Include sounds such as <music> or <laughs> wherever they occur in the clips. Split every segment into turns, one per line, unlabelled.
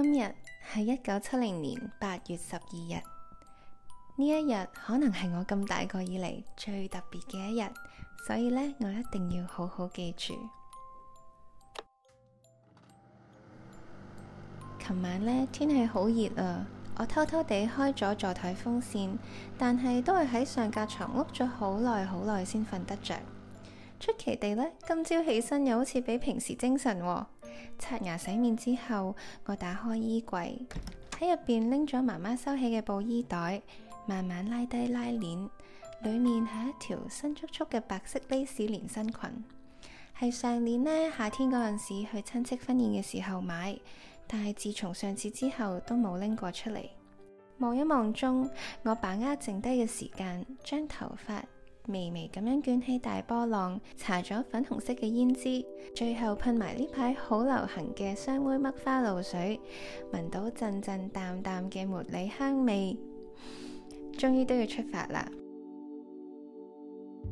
今日係一九七零年八月十二日，呢一日可能係我咁大個以嚟最特別嘅一日，所以呢，我一定要好好記住。琴晚呢，天氣好熱啊，我偷偷地開咗座台風扇，但係都係喺上架床碌咗好耐好耐先瞓得着。出奇地呢，今朝起身又好似比平時精神喎。刷牙洗面之後，我打開衣櫃，喺入邊拎咗媽媽收起嘅布衣袋，慢慢拉低拉鏈，裏面係一條新簇簇嘅白色蕾絲連身裙，係上年呢夏天嗰陣時去親戚婚宴嘅時候買，但係自從上次之後都冇拎過出嚟。望一望中，我把握剩低嘅時間將頭髮。微微咁樣捲起大波浪，搽咗粉紅色嘅胭脂，最後噴埋呢排好流行嘅雙妹嘜花露水，聞到陣陣淡淡嘅茉莉香味。終於都要出發啦！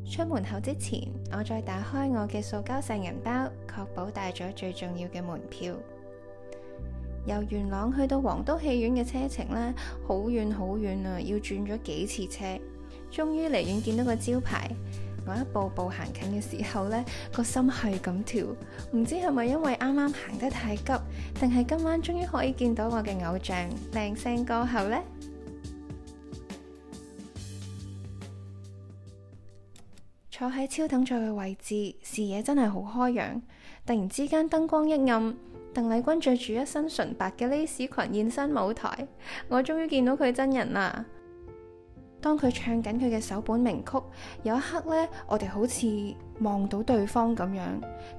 出門口之前，我再打開我嘅塑膠細人包，確保帶咗最重要嘅門票。由元朗去到皇都戲院嘅車程咧，好遠好遠啊，要轉咗幾次車。終於離遠見到個招牌，我一步步行近嘅時候呢，個心係咁跳，唔知係咪因為啱啱行得太急，定係今晚終於可以見到我嘅偶像靚聲歌后呢， <music> 坐喺超等座嘅位置，視野真係好開揚。突然之間燈光一暗，鄧麗君着住一身純白嘅蕾絲裙現身舞台，我終於見到佢真人啦！當佢唱緊佢嘅首本名曲，有一刻呢，我哋好似望到對方咁樣，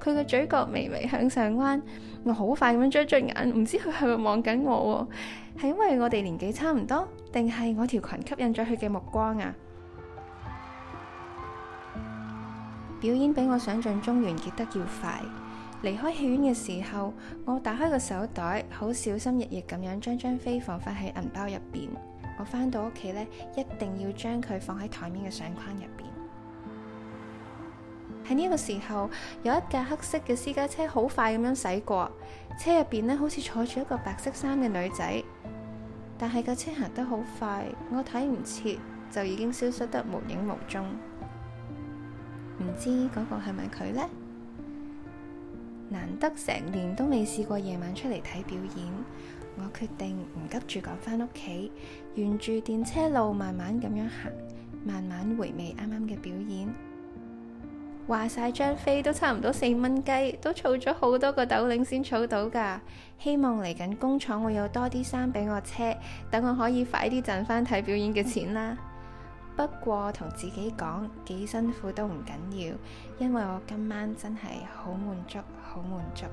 佢嘅嘴角微微向上彎，我好快咁樣追追眼，唔知佢係咪望緊我？係因為我哋年紀差唔多，定係我條裙吸引咗佢嘅目光啊？ <music> 表演比我想象中完結得要快，離開戲院嘅時候，我打開個手袋，好小心翼翼咁樣將張飛放返喺銀包入邊。我返到屋企呢，一定要將佢放喺台面嘅相框入邊。喺呢個時候，有一架黑色嘅私家車好快咁樣駛過，車入邊呢，好似坐住一個白色衫嘅女仔，但係架車行得好快，我睇唔切，就已經消失得無影無蹤。唔知嗰個係咪佢呢？難得成年都未試過夜晚出嚟睇表演。我決定唔急住趕返屋企，沿住電車路慢慢咁樣行，慢慢回味啱啱嘅表演。話晒張飛都差唔多四蚊雞，都儲咗好多個斗零先儲到㗎。希望嚟緊工廠會有多啲衫俾我車，等我可以快啲賺返睇表演嘅錢啦。 <laughs> 不過同自己講幾辛苦都唔緊要，因為我今晚真係好滿足，好滿足。